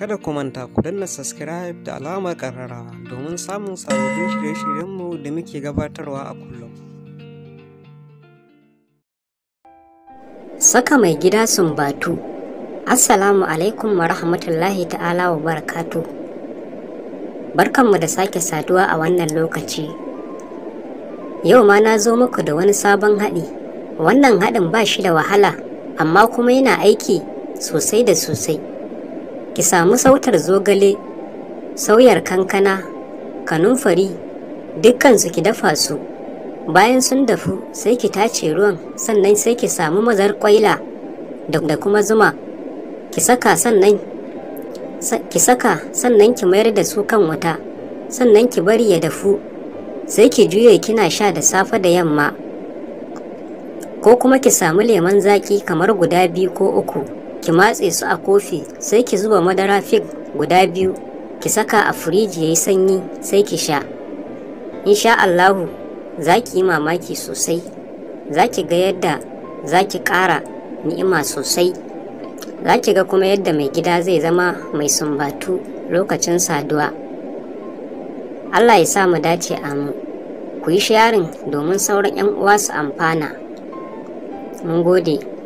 Kada ku manta ku danna subscribe da alamar karara domin samun sababbin shirye-shiryenmu da muke gabatarwa a kullum. Saka mai gida sumbatu Assalamu alaikum wa rahmatullahi ta'ala wa barakatu. Barkanmu da sake saduwa a wannan lokaci. Yau ma na zo muku da wani sabon haɗi. Wannan haɗin ba shi da wahala, amma kuma yana aiki sosai da sosai. ki samu sautar zogale sauyar kankana kanunfari, dukkansu ki dafa su bayan sun dafu sai ki tace ruwan sannan sai ki samu mazar kwaila da kuma zuma ki saka sannan ki saka sannan ki mayar da su kan wuta sannan ki bari ya dafu sai ki juye kina sha da safe da yamma ko kuma ki samu lemon zaki kamar guda biyu ko uku ki matse su a kofi sai ki zuba madara fig guda biyu ki saka a firiji yayi sanyi sai ki sha insha Allahu za ki yi mamaki sosai za ki ga yadda za ki ƙara ni'ima sosai za ki ga kuma yadda mai gida zai zama mai sumbatu lokacin saduwa Allah ya sa mu dace a mu. ku yi sharing domin sauran 'yan uwa su amfana mun gode